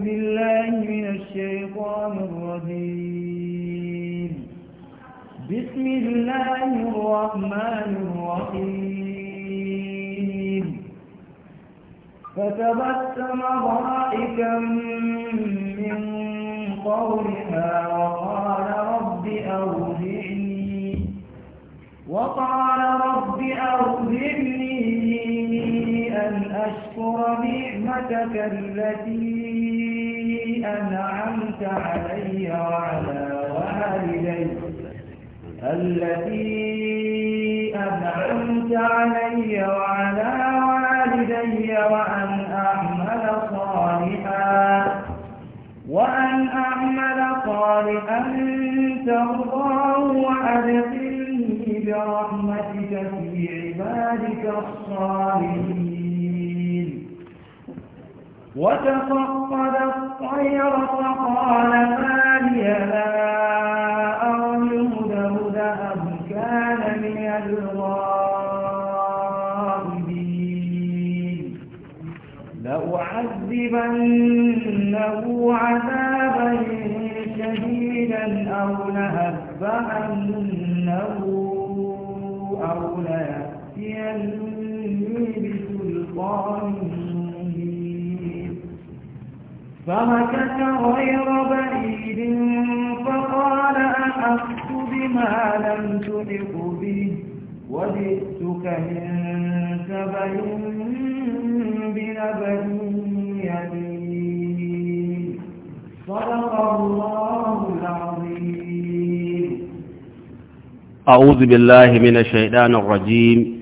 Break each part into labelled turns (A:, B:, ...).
A: بالله من الشيطان الرجيم بسم الله الرحمن الرحيم فتبسم ضائكا من قولها وقال رب أوزعني وقال رب أوزعني أن أشكر نعمتك التي أنعمت علي وعلى والدي التي أنعمت علي وعلى والدي وأن أعمل صالحا وأن أعمل صالحا ترضاه وأدخلني برحمتك في عبادك الصالحين وتفقد الطير فقال ما لي لا أرى الهدهد أم كان من الغائبين لأعذبنه عذابا شديدا أو لأذبحنه أو ليأتيني بسلطان فمكث غير بعيد فقال أحقت بما لم تحق به وجئتك من سبأ بنبأ يمين صدق الله العظيم
B: أعوذ بالله من الشيطان الرجيم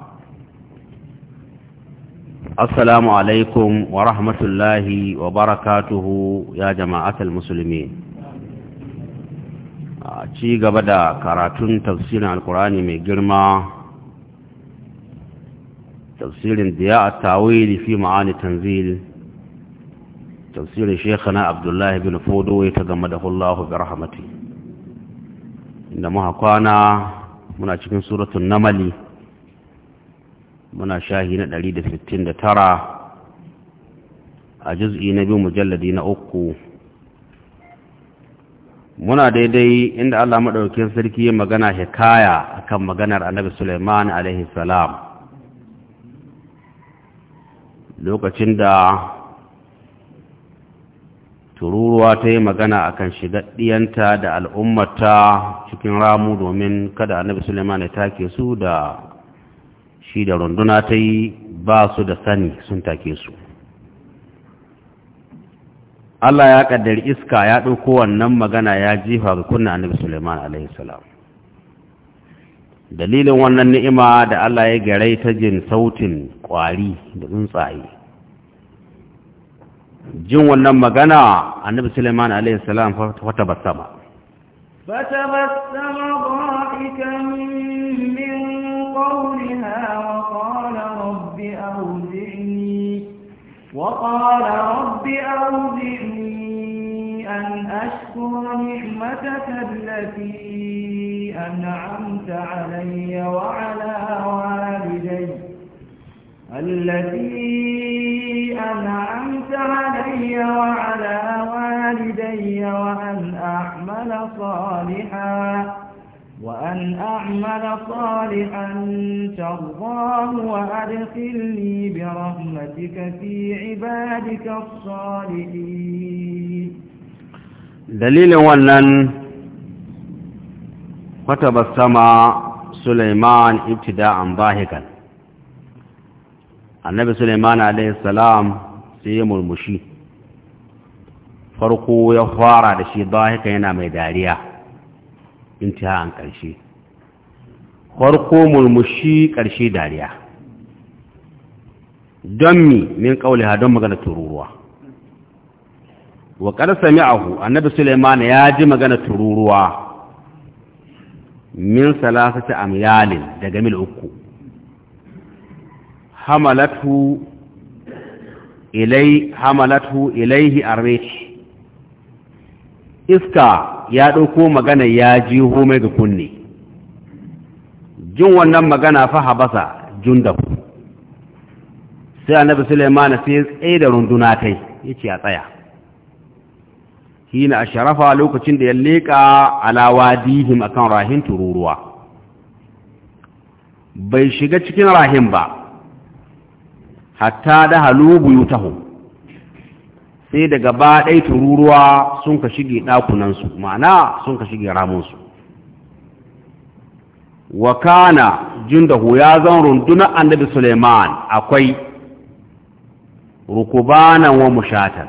B: alaikum wa rahmatullahi wa barakatuhu ya يا جماعة a ci gaba da karatun tafsirin alkurani mai girma tafsirin diya a tawili fi ma'ani tanzil tafsirin shekana abdullahi bin fodo ya ta game da hullahu bi rahamati inda muka kwana muna cikin suratun namali muna shahi na 169 a juz'i na biyu mujalladi na uku muna daidai inda Allah maɗaukin sarki ya magana hikaya akan maganar annabi Sulaiman alaihi salam lokacin da tururuwa ta yi magana akan ɗiyanta da al'ummata cikin ramu domin kada annabi Suleimani ya take su da shi da runduna ta yi ba su da sani sun take su Allah ya kaddar iska ya ɗauko wannan magana ya jifa ga kunna annabi Suleiman alaihi salam dalilin wannan ni'ima da Allah ya gare ta jin sautin kwari da tsuntsaye jin wannan magana annabi Suleiman alaihi salam ta basama
A: basama بها وقال رب أوزعني وقال رب أوزعني أن أشكر نعمتك التي أنعمت علي وعلى والدي التي أنعمت علي وعلى والدي وأن أعمل صالحاً وأن أعمل صالحا ترضاه وأدخلني برحمتك في عبادك الصالحين
B: دليل ولن كتب السماء سليمان ابتداء ضاحكا النبي سليمان عليه السلام سيم المشي فرقوا يفارع لشي ضاحكا ينام داريا intiha ƙarshe farko murmushi ƙarshe dariya don mi min ha don magana tururuwa wa sami'ahu annabi suleiman ya ji magana tururuwa min salasati amyalin daga mil uku hamalatu ilai hamalatu ilaihi arrish iska ya ɗauko magana ya ji homai ga kunne jin wannan magana fa habasa jun da ku. sai annabi suleimana sai ya tsaye da runduna ya yace a tsaya Shi na a sharafa lokacin da ya leƙa alawa dihim a kan rahin tururuwa bai shiga cikin rahin ba hatta da halubu yi sai da gaba ɗai tururuwa sun ka shige ɗakunansu ma'ana sun ka shige ramunsu wa kana da ya zan runduna annabi suleiman akwai rukubanan wa mushatan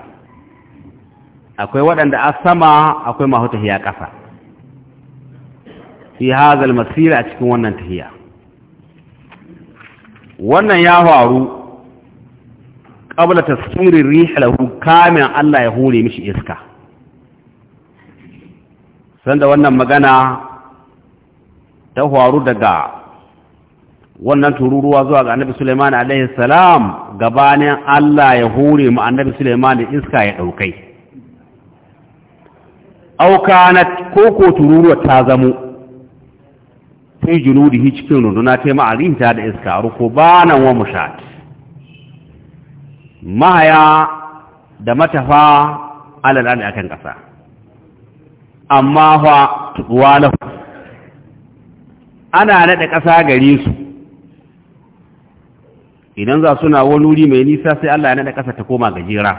B: akwai waɗanda a sama akwai masu tahiya ƙasa fi hazal masira a cikin wannan tahiya wannan ya faru qabla tasfirir rih lahu kamin Allah ya hure mishi iska sanda wannan magana ta faru daga wannan tururuwa zuwa ga Annabi Sulaiman alaihi salam gabanin Allah ya hure mu Annabi Sulaiman da iska ya daukai au na koko tururuwa ta zamo fi junudihi cikin runduna ta ma'arinta da iska rukubana wa mushat mahaya da matafa alal a akan ƙasa amma fa wala ana nada ƙasa gare su idan za na wani wuri mai nisa sai Allah ya nada ƙasa ta koma gajera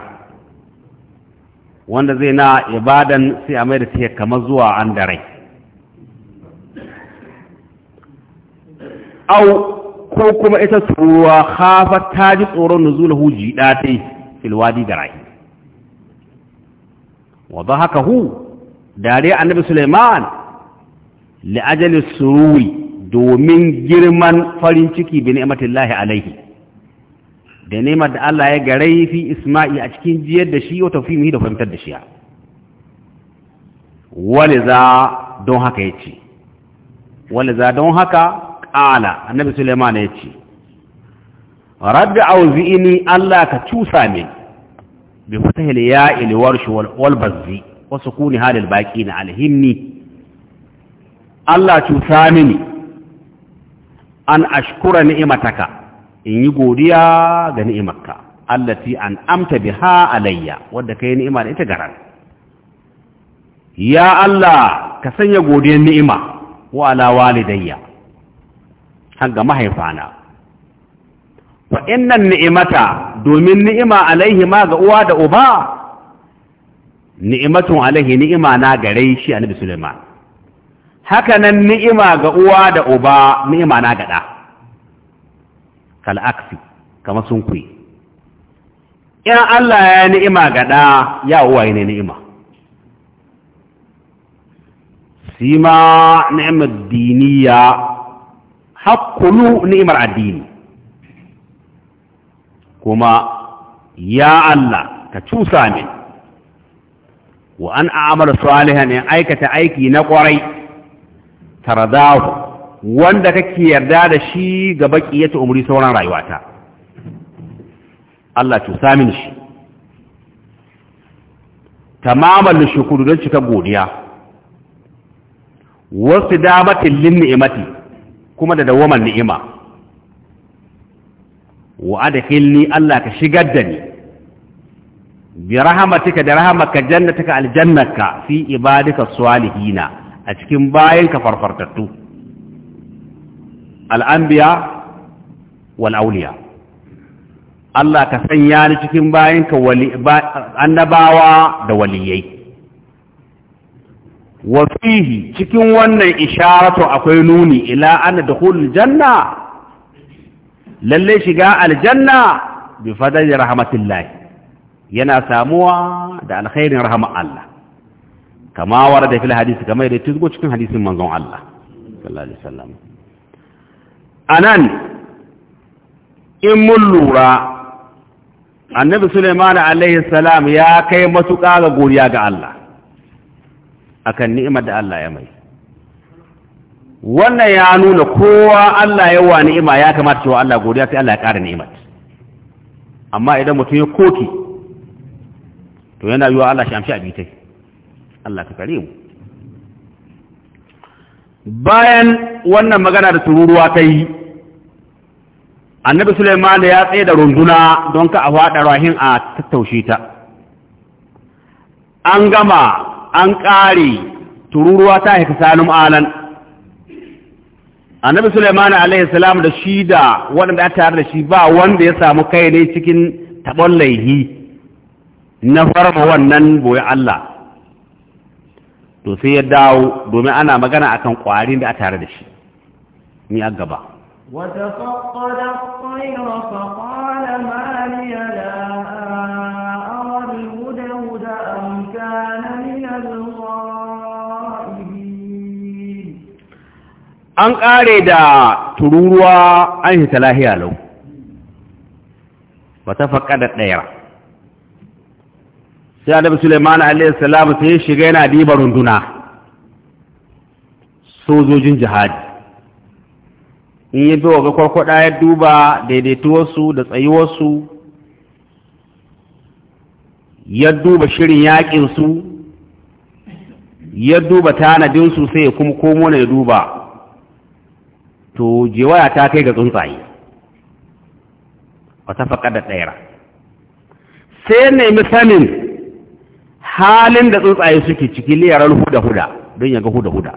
B: wanda zai na ibadan sai a mai da take kamar zuwa an da au ko kuma ita turuwa hafa ta ji tsoron nuzulahu jiɗa ta yi filwadi da rahi wadda haka hu dare annabi suleiman la'ajali suruwi domin girman farin ciki bi ni'matillahi alaihi da ni'mar da Allah ya gare fi isma'i a cikin jiyar da shi wata fi da fahimtar da shi wani za don haka ya ce wani za don haka ala annabi Suleiman ya ce rabbi auzi'ini Allah ka cusa min bi fatahil ya'il warsh wal bazzi wa sukuni halil na alhimni Allah cusa mini an ashkura ni'mataka in yi godiya ga ni'imarka allati an amta biha alayya wadda kai ni'ima da ita garan ya Allah ka sanya godiyar ni'ima wa ala walidayya kan ga mahaifana in innan ni'imata domin ni'ima alaihi ma ga uwa da uba ni'imatun alaihi ni'ima na gare shi annabi Sulaiman haka nan ni'ima ga uwa da uba ni'ima na gada kal aksi kama sun kuyi in Allah ya ni'ima gada ya uwa ne ni'ima sima ni'imar diniya hakkulu ni'imar addini kuma ya Allah ka cusa min wa an a'amala salihan in aikata aiki na kwarai taradahu wanda kake yarda da shi ga baqiyatu umri sauran rayuwata Allah cusa min shi tamamal shukuru don cika godiya wasu damatin lin ni'imati kuma da dawaman ni'ima wa adkhilni Allah ka shigar da ni bi rahmatika da rahmatka jannataka aljannaka fi ibadika salihina a cikin ka farfartattu al'anbiya wal auliya Allah ka sanya ni cikin bayanka annabawa da waliyai wa cikin wannan isharatu akwai nuni ila an dukhul janna lalle shiga aljanna bi fadli rahmatillah yana samuwa da alkhairin rahama Allah kama da fili hadisi kama da tuzgo cikin hadisin manzon Allah A nan, in mun lura annabi Suleiman alaihi salam ya kai matuƙa ga goriya ga Allah akan ni'imar da Allah ya mai wannan ya nuna kowa Allah ya wa ni'ima ya kamata cewa Allah godiya sai Allah ya ƙara ni'imar amma idan mutum ya koki to yana yiwa Allah shi amshi bitai Allah ka kare mu bayan wannan magana da tururuwa ta yi annabi Suleiman ya tsaye da runduna don ka a faɗa rahin a tattaushe ta an gama an ƙare tururuwa ta haifi sanin alan annabi suleiman alaihi salam da shi da waɗanda a tare da shi ba wanda ya samu kai ne cikin taɓon laihi na farma wannan boye Allah to sai ya dawo domin ana magana a kan ƙwari da a tare da shi ni a gaba وتفقد
A: الطير فقال ما لي لا أرى أم كان
B: an ƙare da tururuwa an hita lahiya lau ba ta faƙa da ɗayar sai adabu suleiman alaihissalam sai ya shiga yana diba runduna sojojin jihadi in yi biyo ga kwakwada ya duba daidaituwarsu da tsayuwarsu ya duba shirin yaƙinsu ya duba tanadinsu sai ya kuma komo na ya duba to jewaya ta kai ga tsuntsaye wata faƙa da ɗaira sai nemi sanin halin da tsuntsaye suke ciki liyarar huda-huda don yaga huda-huda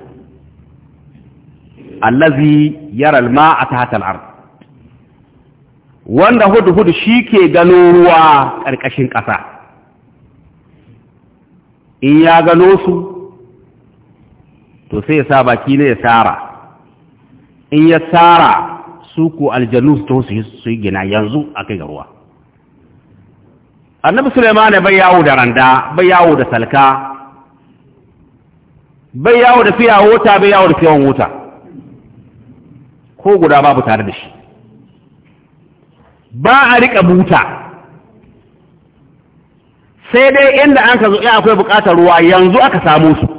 B: allazi yaral ma a tahatal wanda hudu-hudu shi ke gano ruwa ƙarƙashin ƙasa in ya gano su to sai ya sa baki ne ya sara in ya sara su ku to su su yi gina yanzu a kai ruwa annabi suleiman bai yawo da randa bai yawo da salka bai yawo da fiya wuta bai yawo da fiyan wuta ko guda babu tare da shi ba a riƙa buta sai dai inda an ka zo akwai buƙatar ruwa yanzu aka samu su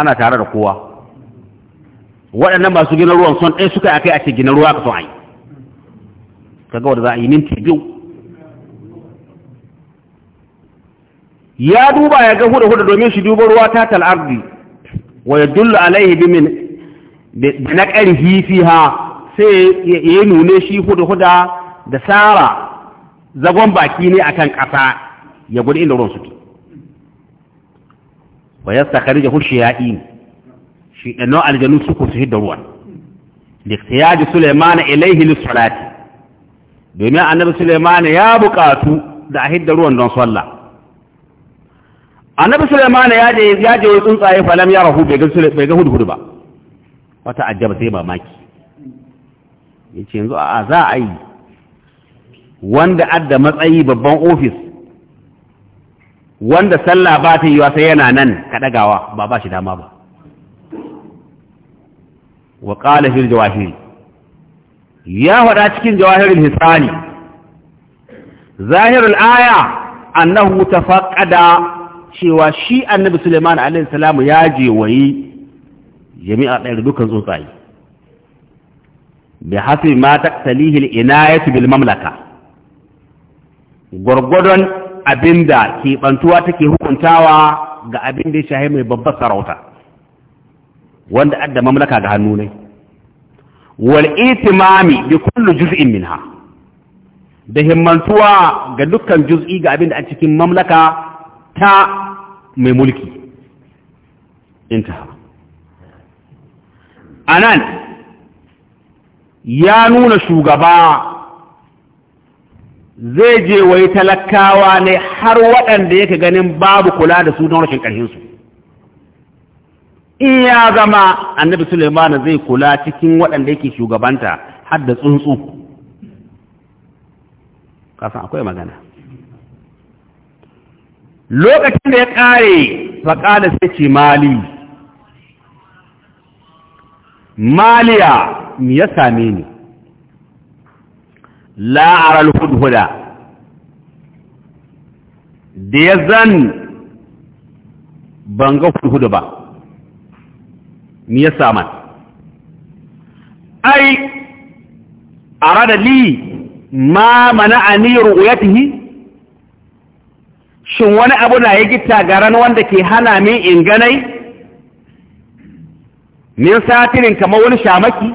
B: ana tare da kowa waɗannan masu gina ruwan son ɗaya suka akai a ce gina ruwa ka son a yi kaga wadda za a yi minti biyu ya duba ya ga huda huda domin shi duba ruwa ta tal'ardi wa ya dullu alaihi bi min da na ƙarfi ha sai ya nune shi huda huda da sara zagon baki ne akan ƙasa ya gudu inda ruwan suke wa yastakhriju shiya'in shi dan aljanu suku su hidda ruwan ya ji Sulaiman ilayhi lis-salati domin annabi Sulaiman ya buƙatu da a hidda ruwan don sallah annabi Sulaiman ya je ya je tsuntsaye falam ya rahu bai ga bai ga hudhud ba wata ajaba sai mamaki yace yanzu a za a yi wanda adda matsayi babban office wanda sallah ba ta yiwa sai yana nan ka ɗagawa ba ba shi dama ba wa ƙala fil jawahiri ya faɗa cikin jawahirin hisani zahirul aya annahu tafaqqada cewa shi annabi Suleiman alaihi salamu ya je wayi jami'a ɗaya dukkan tsuntsaye bi hasbi ma taqtalihi al-inayatu bil mamlaka gurgudon abin abinda keɓantuwa take hukuntawa ga abin da ya shahi mai babbar sarauta wanda adda mamlaka ga hannu ne wal bi kullu juz'in minha da himmantuwa ga dukkan juz'i ga abin da a cikin mamlaka ta mai mulki intaha anan ya nuna shugaba zai je wai talakawa ne har waɗanda yake ganin babu kula da su don rashin ƙarfinsu in ya zama annabi suleiman zai kula cikin waɗanda yake shugabanta har da tsuntsu kasan akwai magana lokacin da ya ƙare faƙada sai ce mali maliya ya same ni la'aral hudhuda da ya zan banga hudhuda ba ni ya saman ai arada li ma mana aniyar uyatihi shin wani abu na ya gita garan wanda ke hana min in ganai min satinin kamar wani shamaki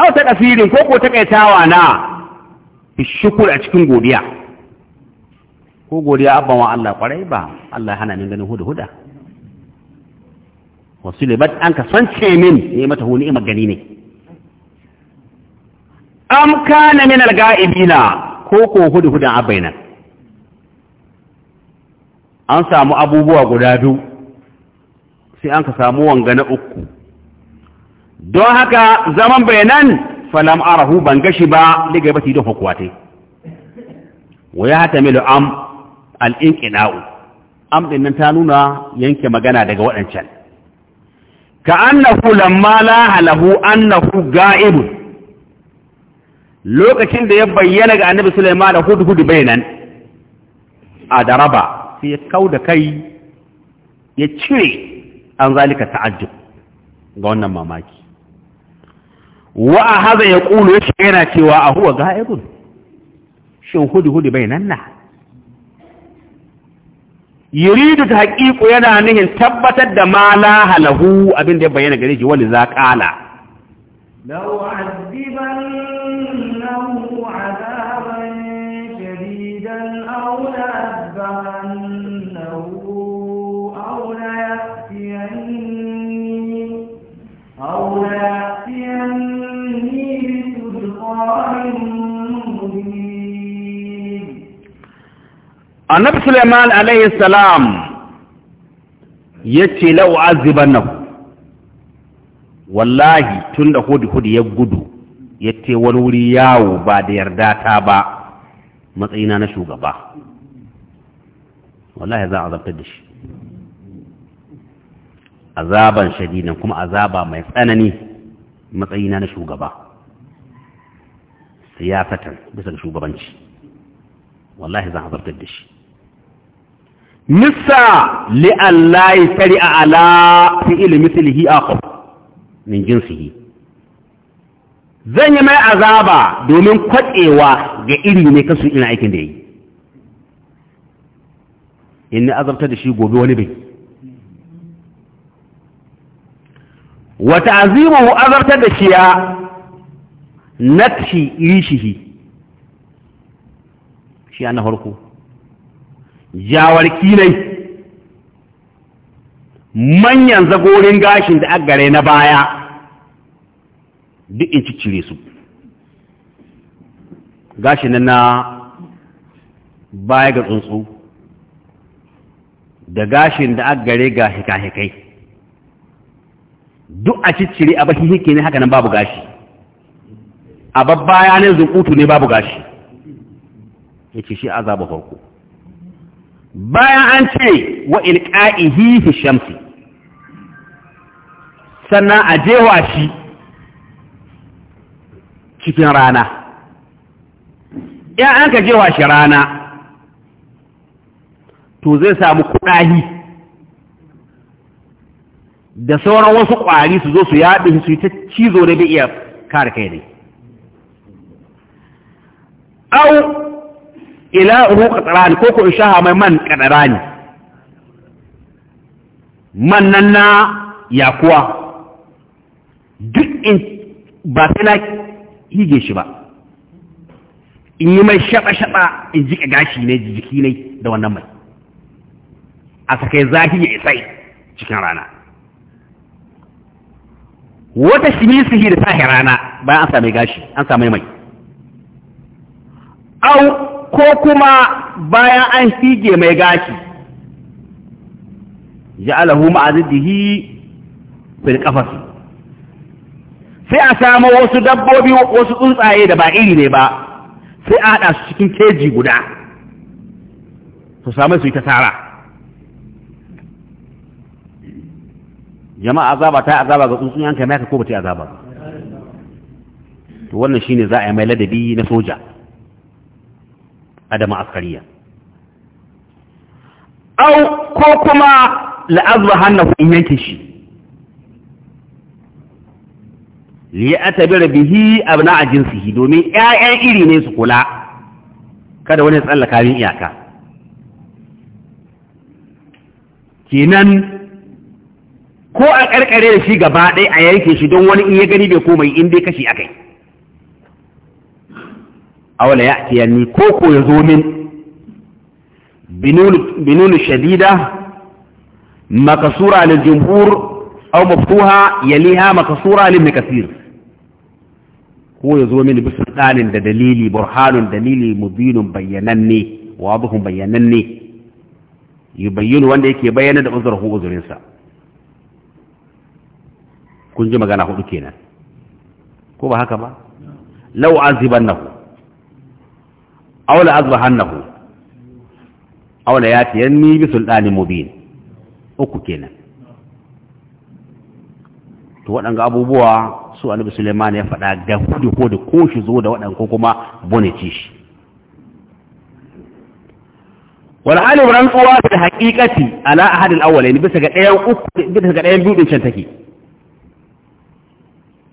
B: aw ta kasirin ko ko takaitawa na shukur a cikin godiya ko godiya abban wa Allah kwarai ba Allah hana min ganin huda huda wasu libat an ka san ce min ne mata huni ima gani ne am kana min alga'ibina ko ko hudu hudan abainan an samu abubuwa guda biyu sai an ka samu wanga na uku don haka zaman bayanan falam arahu ban gashi ba daga bati don hukuwa ta wa ya hata milu am al'inƙina'u am ɗin nan ta nuna yanke magana daga waɗancan ka annahu lamma la halahu annahu ga'ibu lokacin da ya bayyana ga annabi Sulaiman da hudu hudu bayanan a daraba sai ya kau da kai ya cire an zalika ta'ajjub ga wannan mamaki wa a haza ya ƙulu ya shiga yana cewa a huwa ga haikun shin hudu-hudu bai nan na da ta haƙiƙu yana nihin tabbatar da ma la halahu abin ya bayyana gare ji wani za ƙala annabi Suleiman alaihi salam yace lau azibannahu wallahi tunda hudi hudi ya gudu yace wani wuri yawo ba da yarda ta ba matsayina na shugaba wallahi za a azabtar da shi azaban shadidan kuma azaba mai tsanani matsayina na shugaba siyasatan bisa ga shugabanci wallahi za a azabtar da shi nisa li'alla ya tsari a ala fi ilimin silihi a min jinsihi zan yi mai azaba domin kwaɗewa ga iri ne kasu ina aikin da ya yi in azabta da shi gobe wani bai wata azimahu azabta da shi ya nafshi rishihi shi na farko jawar kinai manyan zagorin gashin da gare na baya duk in ciccire su gashin na baya ga tsuntsu da gashin da gare ga hika-hikai duk a ciccire a bashi hike ne haka nan babu gashi a babbaya ne zuƙutu ne babu gashi ya ce shi azaba farko bayan an ce wa ilqa'ihi fi shamsi sannan a jewa shi cikin rana ya an ka jewa shi rana to zai samu kuɗahi da sauran wasu ƙwari su zo su yaɗu su yi ta cizo da bai iya kare kai ne ila ruhu katsarani ko ko in shaha mai man kadarani man nan na yakuwa duk in ba sai na hige shi ba in yi mai shaɓa-shaɓa in jika gashi ne jiki ne da wannan mai a sakai zafi ya isai cikin rana wata shimisihi da sahi rana bayan an sami gashi an sami mai au ko kuma bayan an fige mai gashi ja'alahu ma'azidihi fil qafas sai a samu wasu dabbobi wasu tsuntsaye da ba iri ne ba sai a hada su cikin keji guda su samu su yi ta tara jama'a azaba ta azaba ga tsuntsun yanka mai ka ko ba ta azaba to wannan shine za a yi mai ladabi na soja adama askariya
A: au ko
B: kuma la'azwa hannahu in yanke shi li atabira bihi abna a jinsihi domin 'ya'yan iri ne su kula kada wani tsallaka min iyaka kenan ko a karkare da shi gaba ɗaya a yanke shi don wani in ya gani bai komai in dai kashi akai awala ya'tiyanni ko ya zo min binun shadida makasura lil jumhur aw maftuha yaliha makasura lil makasir ko ya zo min bisultanin da dalili burhanun dalili mubinun bayyananne wadhun bayyananne yubayyinu wanda yake bayyana da uzurhu uzurinsa kun ji magana hudu kenan ko ba haka ba lau azibannahu aula azbahannahu aula ya tiyanni bi sultani mubin uku kenan to waɗanga abubuwa su annabi Suleiman ya faɗa ga hudu ko da ko shi zo da waɗan ko kuma bonici shi wal alim rantsuwa da haqiqati ala ahad al awwalain bisa ga ɗayan uku bisa ga ɗayan biyu din can take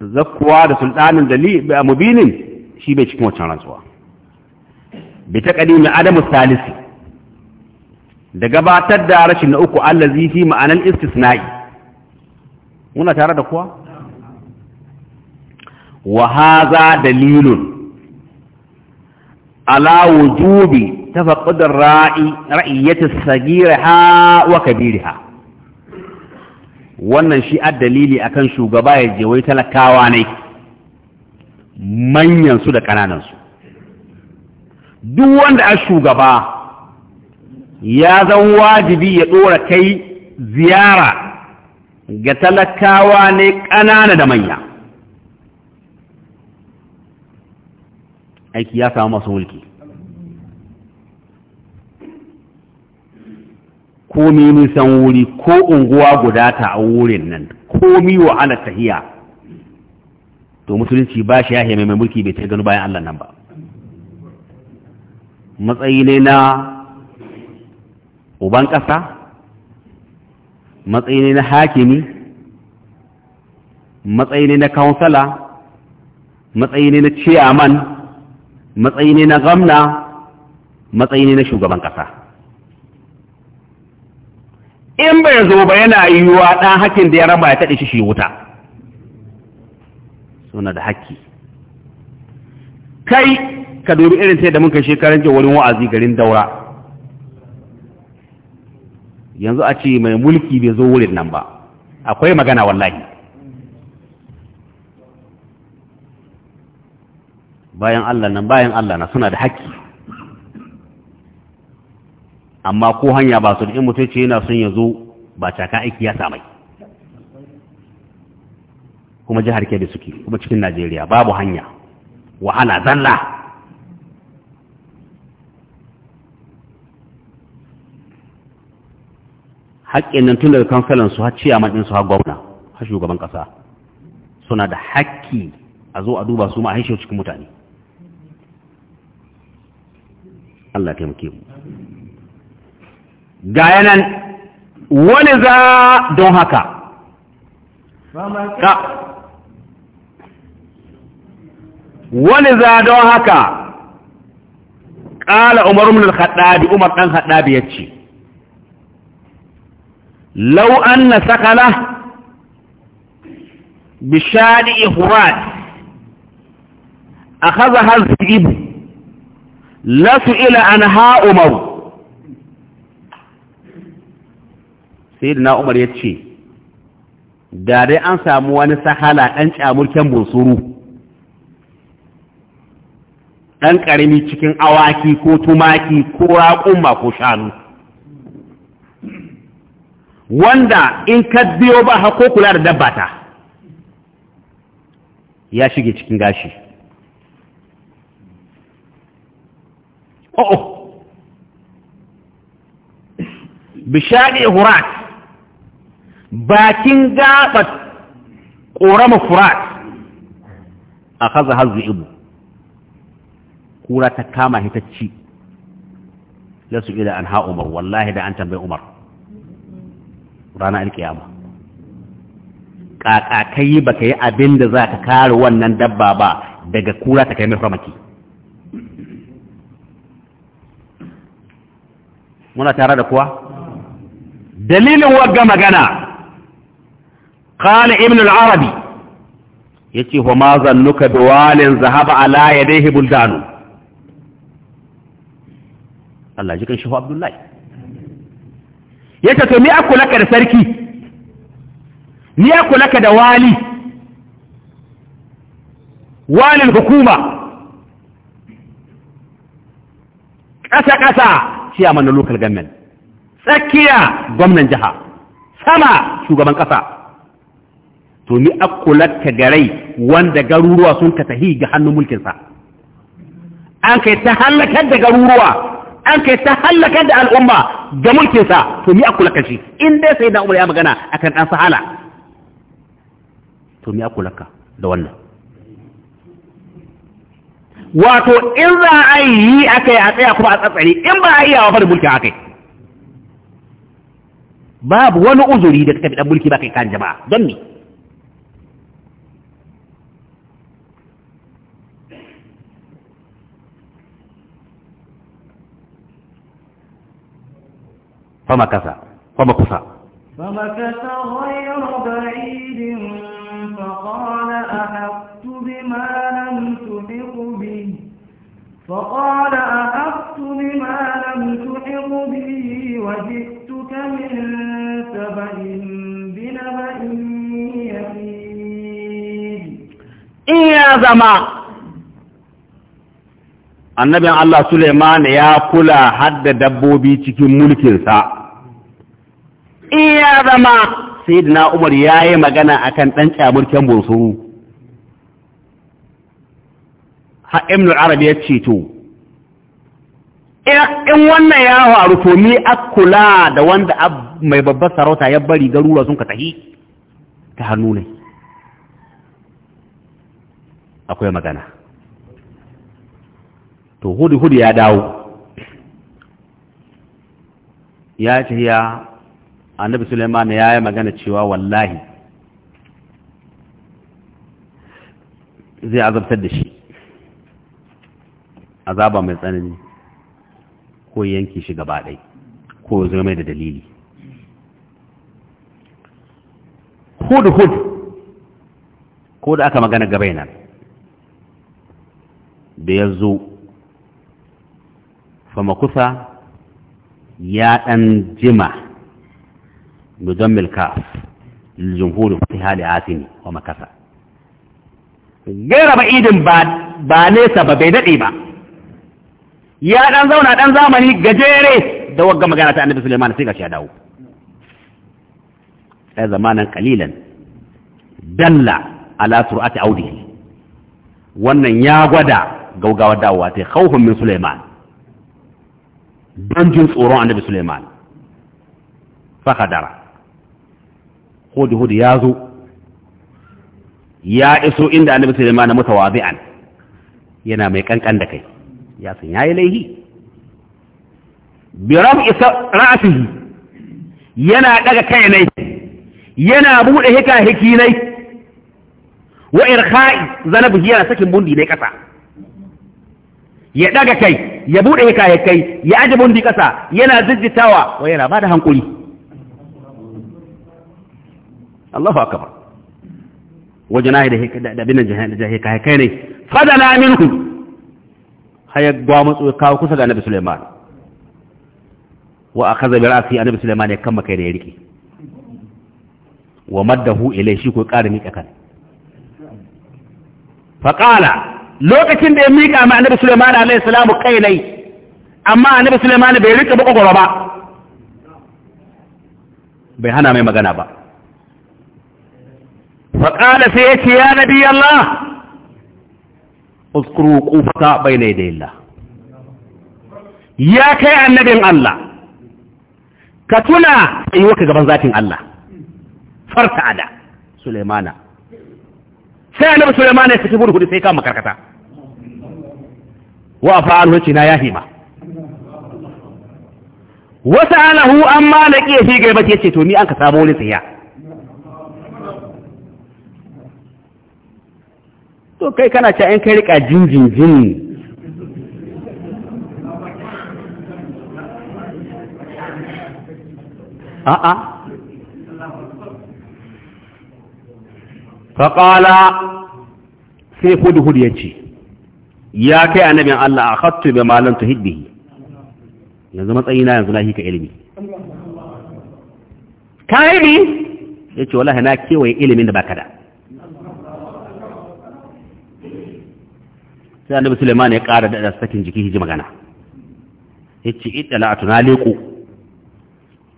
B: zakkuwa da sultanin dalil mubinin shi bai cikin wancan rantsuwa Bita taqdimi adamu salisi da gabatar da rashin na uku allazi fi ma'anan istisna'i muna tare da kuwa wa hadha dalilun ala wujubi tafaqqud ar-ra'i ra'iyati as-saghiraha wa kabiraha wannan shi ad-dalili akan shugaba ya je wai talakawa ne manyan su da kananan su duk wanda a shugaba ya zan wajibi ya ɗora kai ziyara ga talakawa ne ƙanana da manya aiki ya samu masu mulki komi nisan wuri ko unguwa guda ta a wurin nan komi wa ana tahiya to musulunci ba shi ya mai mulki bai ta gano bayan allah nan ba matsayi ne na uban ƙasa matsayi ne na hakimi matsayi ne na kansala matsayi ne na ciyaman matsayi ne na gamna matsayi ne na shugaban ƙasa in bai zo ba yana yiwuwa ɗan hakin da ya raba ya taɗe shi shi wuta suna da haƙƙi kai ka dubi irin ta da mun kai shekaran wurin wa'azi garin daura yanzu a ce mai mulki bai zo wurin nan ba akwai magana wallahi bayan Allah nan bayan Allah na suna da haƙƙi amma ko hanya ba su da in mutum yana son ya zo ba caka aiki ya samai kuma jihar kebe suke kuma cikin najeriya babu hanya wahala zalla haƙƙin nan tun daga kansalan su har ciyaman din su har gwamna har shugaban ƙasa suna da haƙƙi a zo a duba su ma a haishe cikin mutane Allah ta mu ga yanan wani za don haka wani za don haka ƙala umaru min al-khattabi umar ɗan khattabi ya ce lau an na sakala bishadi ihurat a kaza har ibu lasu ila an ha'umaru sai da na umar ya ce da dai an samu wani sahala ɗan camurken bunsuru ɗan ƙarami cikin awaki ko tumaki ko raƙumma ko shanu wanda in ka biyo ba hako kula da dabba ta ya shige cikin gashi o'o oh, oh. bishaɗe hurat bakin gaɓar ƙorama furat a kaza hazu ibu kura ta kama hitacci lasu ila an ha umar wallahi da an tambayi umar ranar alkiyama kaka kai baka yi abin da za ka kare wannan dabba ba daga kura ta kai mai farmaki muna tare da kuwa dalilin wagga magana قال ابن العربي يتي وما zahaba بوال ذهب على يديه بلدان Allah يجيكم شهو عبد Abdullahi ya ce to ni aku laka da sarki ni aku laka da wali walin hukuma ƙasa-ƙasa shi a manar local government tsakiya gwamnan jiha sama shugaban ƙasa to ni akulatka garai wanda garuruwa sun ka tahi ga hannun mulkinsa an kai ta halakar da garuruwa an kai ta halakar da al'umma ga mulkinsa to mi akula kashi in dai sai na umar ya magana akan ɗan sahala to mi akula ka da wannan wato in za a yi aka yi a tsaya kuma a tsatsari in ba a yi a wafar mulki aka yi babu wani uzuri da ta tafi ɗan mulki ba kai kan jama'a don me فما كسى فما كسى
A: فما كسى غير بعيد فقال أحبت بما لم تحق به فقال أحبت بما لم تحق به وجئتك من سبأ بنبأ يقين
B: إيا يا زمان annabin Allah Suleiman ya kula hadda dabbobi cikin mulkinsa
A: in ya zama
B: Umar ya yi magana a kan ɗan ƙyamurken bunsuru haɗin arabi ya ce to eh, in wannan ya faru to ni akula da wanda mai babbar sarauta ya bari garura sun ka tahi ta hannu ne akwai magana to hudu hudu ya dawo ya ce ya annabi Sulaiman ya yi magana cewa wallahi zai azabtar da shi azaba mai tsanani ko yanki shi gaba ɗai ko zai mai da dalili hudu hudu ko da aka magana gabai nan da ya zo famakusa ya ɗan jima بضم الكاف للجمهور اقتهال عاتني ومكفى غير بعيد بعد باني سبب دقيبة يا أنزونا أنزامني قجيري دوقع مقالة النبي سليمان سيقا شهدو هذا مانا قليلا دل على سرعة عوده وانا يا ودا قوقا وداواتي خوف من سليمان بنجنس أوران النبي سليمان فخدره hudu hudu ya zo ya iso inda annabi sulaiman na mutawazi'an yana mai kankan da kai ya san yayi laihi bi raf'i ra'sihi yana daga kai ne yana bude hika hiki ne wa irkha'i zanabu yana sakin bundi ne kasa ya daga kai ya bude hika hiki ya aje bundi kasa yana zijjitawa wa yana bada hankuri Allahu akbar wajen nahi da binan jahe kai kai ne fadala minhu hayar gwamutsu kawo kusa ga annabi Suleiman wa akaza bi ra'si annabi Suleiman ya kama kai da ya rike wa maddahu ilai shi ko ƙara miƙa kan faƙala lokacin da ya mika ma annabi Suleiman alaihi salamu kai nai amma annabi Suleiman bai rike ba kokoro ba bai hana mai magana ba faƙala sai ya ce ya nabi Allah uskuru ƙufaka bai na yadda ya kai annabin Allah ka tuna yi waka gaban zafin Allah farka ada Suleimana sai annabi Suleimana ya saki buru hudu sai kama karkata wa fa'al wacce na yahi ma wasa alahu amma laqiya fi gaibati yace to ni an ka samu wani tsaya to kai kana ta ‘yan kai rika jinjinjin a'a faƙala sai hudu-hudu ya ce ya kai annabin Allah a hattu bai malon ta yanzu matsayina yanzu na hika ilimi ka ilimi ya ce wala na kewaye ilimin da baka da sai annabi Sulaiman ya ƙara da sakin jiki hiji magana yace idala atuna leko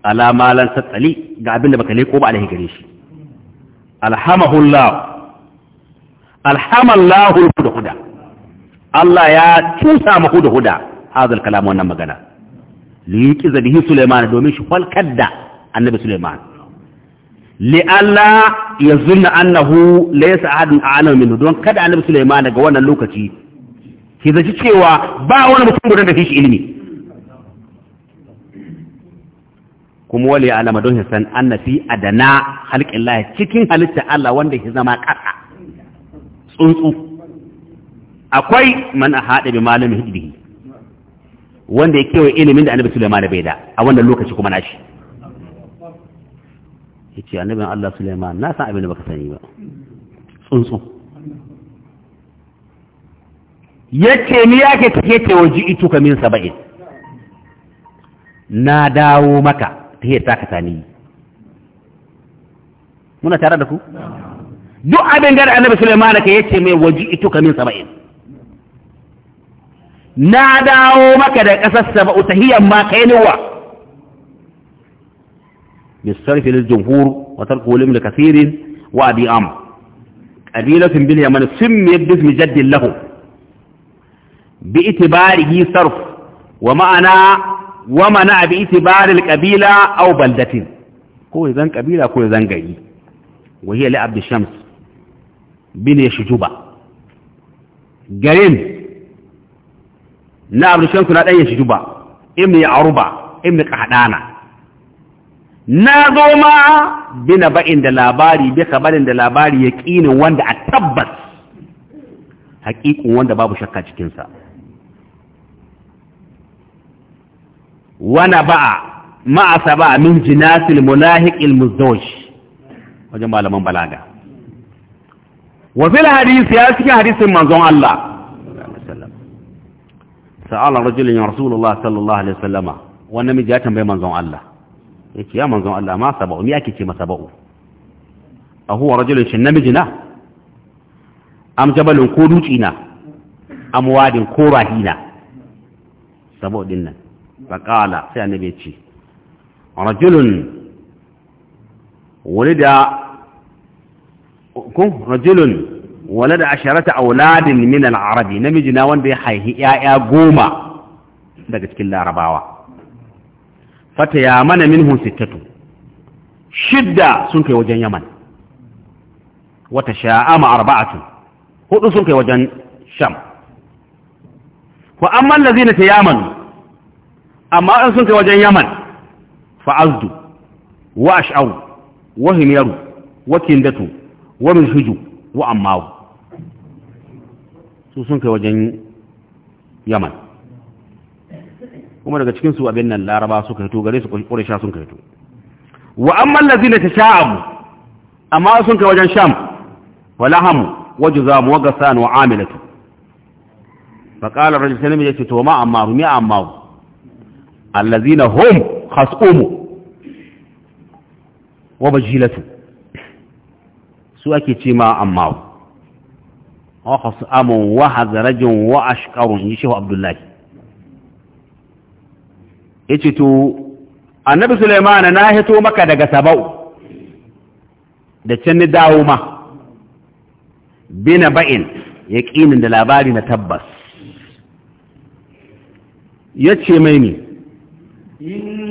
B: ala malan satsali ga abin da baka leko ba alai gare shi alhamahullah alhamallahu huda Allah ya tusa mu huda huda hadal kalam wannan magana liki zabihi Sulaiman domin shi falkar da annabi Sulaiman li'alla yazunna annahu laysa ahadun a'lamu minhu don kada annabi Sulaiman daga wannan lokaci ki zaci cewa ba wani mutum gudun da fi shi ilimi kuma wale ya alama don hisan an na fi adana halƙin lahi cikin halitta Allah wanda ya zama ƙasa tsuntsu akwai man a haɗe bi malamin hijbihi wanda ya kewa ilimin da annabi Sulaiman bai da a wannan lokaci kuma nashi yace annabin Allah Sulaiman na san abin da baka sani ba tsuntsu yace ni yake take ce waji itu kamin saba'in na dawo maka take ta ka tani muna tare da ku duk abin da annabi Sulaiman ka yace mai waji itu kamin saba'in na dawo maka da kasar saba'u tahiyan ma kai ne niwa بالصرف للجمهور وتركه لابن كثير وأبي أمر قبيلة باليمن سميت باسم جد له باعتباره صرف ومعنى ومنع باعتبار القبيلة أو بلدة كو إذن قبيلة كو إذن قي وهي لعبد الشمس بن شجوبة قرين نعبد الشمس لا أي شجوبة ابن عربة ابن قحدانة na zo ma bina ba'in da labari bi kabarin da labari ya ƙinin wanda a tabbas haƙiƙin wanda babu shakka cikinsa وانا باع ما سبع من جناس المناهق المزدوج وجمع لما بلاغا وفي الحديث يا يأتي حديث من زون الله سأل رجل رسول الله صلى الله عليه وسلم ونمي جاءت زون الله يا من زون الله ما أصبع مياكي كما أصبع أهو رجل شنم جنا أم جبل قلوتنا أم واد قراهنا سبق دلنا faƙala sai annabi ce rajulun wani da kun rajulun wani da asharata auladin min al'arabi namiji na wanda ya haihi ‘ya'ya goma daga cikin larabawa fata ya mana minhun sittatu shidda sun kai wajen yaman wata sha'ama arba'atu hudu sun kai wajen sham wa amma lazina ta yamanu amma an sun kai wajen yaman fa'azdu wa ash'au wa himyaru wa kindatu wa minhiju wa ammawu su sun kai wajen yaman kuma daga cikin su abin nan laraba suka hito gare su sha sun kai hito wa amman lazina ta sha'abu amma sun kai wajen sham wa lahamu wa juzamu wa gasan wa amilatu fa qala rajul sanami yace to ma ammaru mi ammaru allazina hum khasumu wa bajilatu su ake ce ma amma wa khasumu wa hazarajun wa ashqarun yi shehu abdullahi yace to annabi Sulaiman na hito maka daga sabau da can ni dawo ma bina ba'in yaqinin da labari na tabbas yace mai ni إن